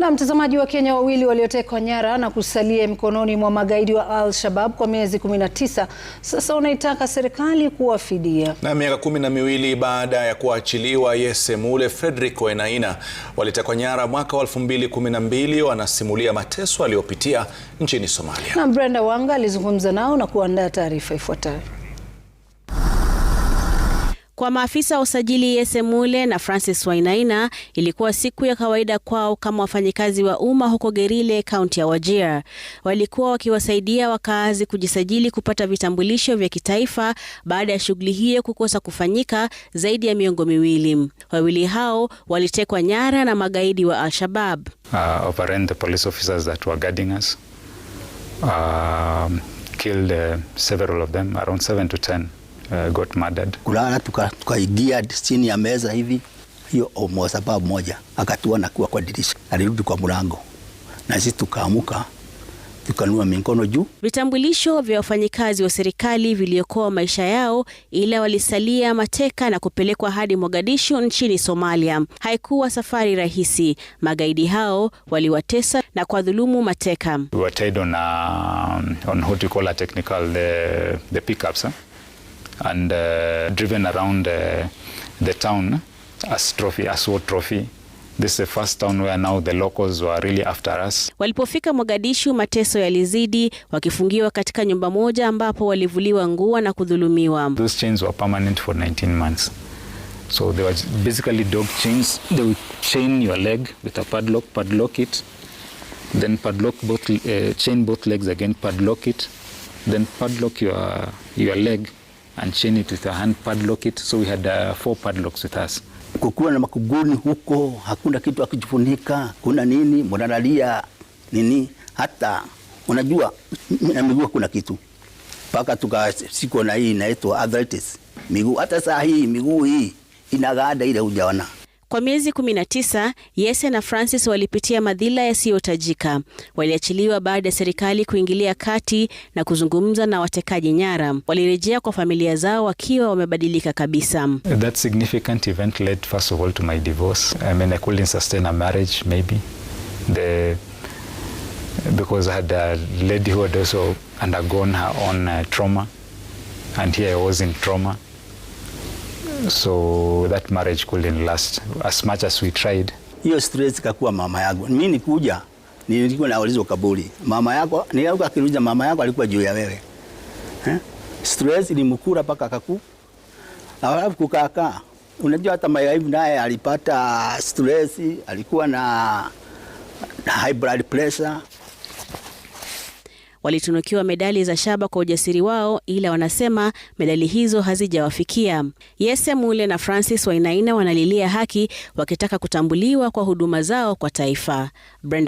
Na mtazamaji wa Kenya wawili waliotekwa nyara na kusalia mikononi mwa magaidi wa al shabab kwa miezi 19 sasa wanaitaka serikali kuwafidia. Na miaka kumi na miwili baada ya kuachiliwa Yese Mule, Fredrick Wainaina walitekwa nyara mwaka wa 2012 wanasimulia mateso aliyopitia nchini Somalia. Na Brenda Wanga alizungumza nao na kuandaa taarifa ifuatayo. Kwa maafisa wa usajili Yese Mule na Francis Wainaina, ilikuwa siku ya kawaida kwao kama wafanyikazi wa umma huko Gerile, kaunti ya Wajir. Walikuwa wakiwasaidia wakaazi kujisajili kupata vitambulisho vya kitaifa baada ya shughuli hiyo kukosa kufanyika zaidi ya miongo miwili. Wawili hao walitekwa nyara na magaidi wa Al-Shabab. Uh, uh, got murdered. Kulala tukaingia tuka chini ya meza hivi, hiyo sababu moja, akatuona kuwa kwa dirisha, alirudi kwa mlango na sisi tukaamuka tukanua mikono juu. Vitambulisho vya wafanyikazi wa serikali viliokoa maisha yao, ila walisalia mateka na kupelekwa hadi Mogadishu nchini Somalia. Haikuwa safari rahisi. Magaidi hao waliwatesa na kwa kuwadhulumu mateka. We were tied on, uh, on what we call a technical, the, uh, the pickups, huh? and uh, driven around uh, the town as trophy, as war trophy. This is the first town where now the locals were really after us. Walipofika Mogadishu, mateso yalizidi, wakifungiwa katika nyumba moja ambapo walivuliwa nguo na kudhulumiwa. Those chains were permanent for 19 months. So they were basically dog chains. They would chain your leg with a padlock, padlock it, then padlock both, uh, chain both legs again, padlock it, then padlock your, your leg and chain it with a hand, padlock it. So we had uh, four padlocks with us. Kukuwa na makuguni huko, hakuna kitu akijifunika, kuna nini, mnalalia nini, hata unajua na miguu kuna kitu mpaka tukasiko na hii inaitwa arthritis miguu. Hata saa hii miguu hii inagaada ile hujaona kwa miezi 19 Yese na Francis walipitia madhila yasiyotajika. Waliachiliwa baada ya serikali kuingilia kati na kuzungumza na watekaji nyara. Walirejea kwa familia zao wakiwa wamebadilika kabisa. That significant event led first of all to my divorce. I mean, I couldn't sustain a marriage maybe. The because I had a lady who had also undergone her own uh, trauma and here I was in trauma so that marriage couldn't last as much as we tried. Hiyo stress kakuwa mama yangu. Mimi nikuja nilikuwa naulizwa kaburi, mama yako yako, akiruja mama yako alikuwa juu ya wewe eh? Stress ilimkura mpaka kaku, alafu kukaka Unajua hata wife naye alipata stress, alikuwa na high blood pressure walitunukiwa medali za shaba kwa ujasiri wao, ila wanasema medali hizo hazijawafikia. Yese Mule na Francis Wainaina wanalilia haki, wakitaka kutambuliwa kwa huduma zao kwa taifa. Brenda